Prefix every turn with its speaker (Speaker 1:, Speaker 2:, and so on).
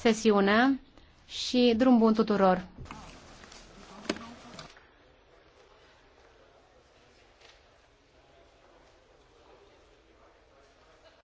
Speaker 1: sesiunea și drum bun tuturor!